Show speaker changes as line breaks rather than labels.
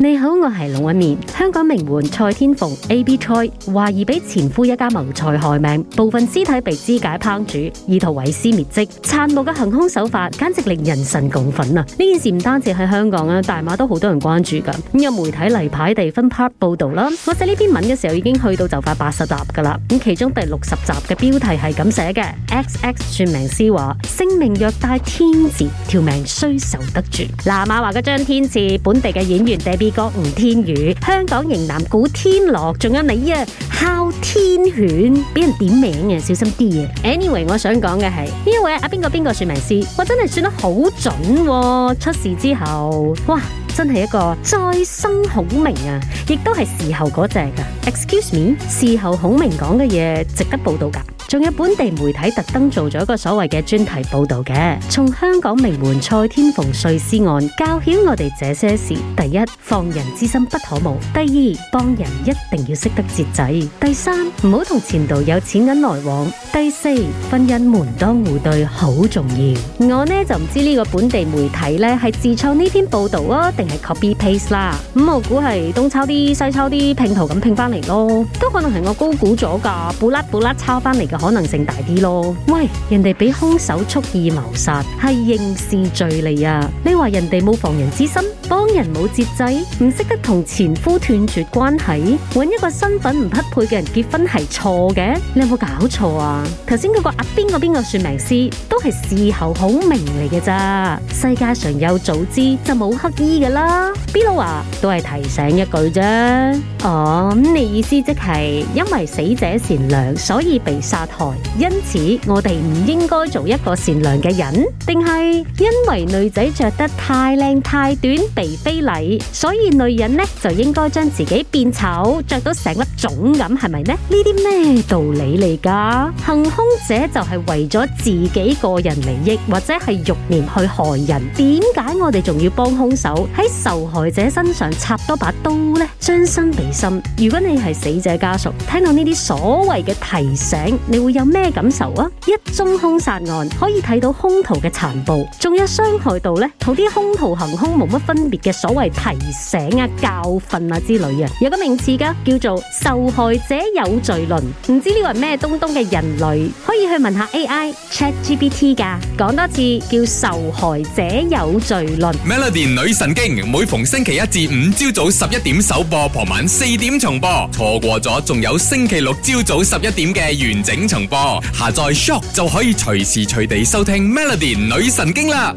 你好，我係龍紋敏。香港名媛蔡天鳳 （Abby Choi） 懷疑俾前夫一家謀財害命，部分屍體被肢解烹煮，意圖毀屍滅跡。殘暴嘅行凶手法簡直令人神共憤啊！呢件事唔單止喺香港啦，大馬都好多人關注噶。咁有媒體例牌地分 part 報道啦。我寫呢篇文嘅時候已經去到就快八十集噶啦。咁其中第六十集嘅標題係咁寫嘅：X X 算命師話，姓名若帶天字，條命須受得住。嗱，馬華嘅張天賜，本地嘅演員美國吳天宇，香港型男古天樂，仲有你啊哮天犬，俾人點名嘅、啊，小心啲啊！Anyway，我想講嘅係，呢位啊，邊個邊個算命師，我真係算得好準、啊，出事之後，哇，真係一個再生孔明啊，亦都係「事後嗰隻㗎。Excuse me，事後孔明講嘅嘢值得報道㗎。仲有本地媒體特登做咗一個所謂嘅專題報道嘅，從香港名門蔡天鳳碎屍案教曉我哋這些事：第一，防人之心不可無；第二，幫人一定要識得節制；第三，唔好同前度有錢銀來往；第四，婚姻門當戶對好重要。我咧就唔知呢個本地媒體咧係自創呢篇報道啊，定係 copy paste 啦。咁我估係東抄啲西抄啲拼圖咁拼返嚟咯，都可能係我高估咗噶，補甩補甩抄翻嚟的可能性大啲咯。喂，人哋俾凶手蓄意謀殺，係刑事罪嚟啊！你話人哋冇防人之心，幫人冇節制，唔識得同前夫斷絕關係，搵一個身份唔匹配嘅人結婚係錯嘅。你有冇搞錯啊？頭先嗰個啊邊個邊個算命師都係事後孔明嚟嘅咋？世界上有早知就冇乞兒噶啦。Billu 話、啊、都係提醒一句啫。哦，你的意思即係因為死者善良，所以被殺？台，因此我哋唔應該做一個善良嘅人，定係因為女仔着得太靚太短被非禮，所以女人呢就應該將自己變醜，着到成粒粽咁，係咪呢？呢啲咩道理嚟㗎？行凶者就係為咗自己個人利益或者係欲念去害人，點解我哋仲要幫凶手喺受害者身上插多把刀呢？將心比心，如果你係死者家屬，聽到呢啲所謂嘅提醒，你。會有咩感受啊？一宗凶殺案可以睇到凶徒嘅殘暴，仲有傷害到呢同啲凶徒行凶冇乜分別嘅所謂提醒啊、教訓啊之類啊，有個名詞噶叫做受害者有罪論，唔知呢位係咩東東嘅人類可以去問下 AI ChatGPT 噶，講多次叫受害者有罪論。Melody 女神經每逢星期一至五朝早十一點首播，傍晚四點重播，錯過咗仲有星期六朝早十一點嘅完整。重播，下載 Shock 就可以隨時隨地收聽 Melody 女神經啦。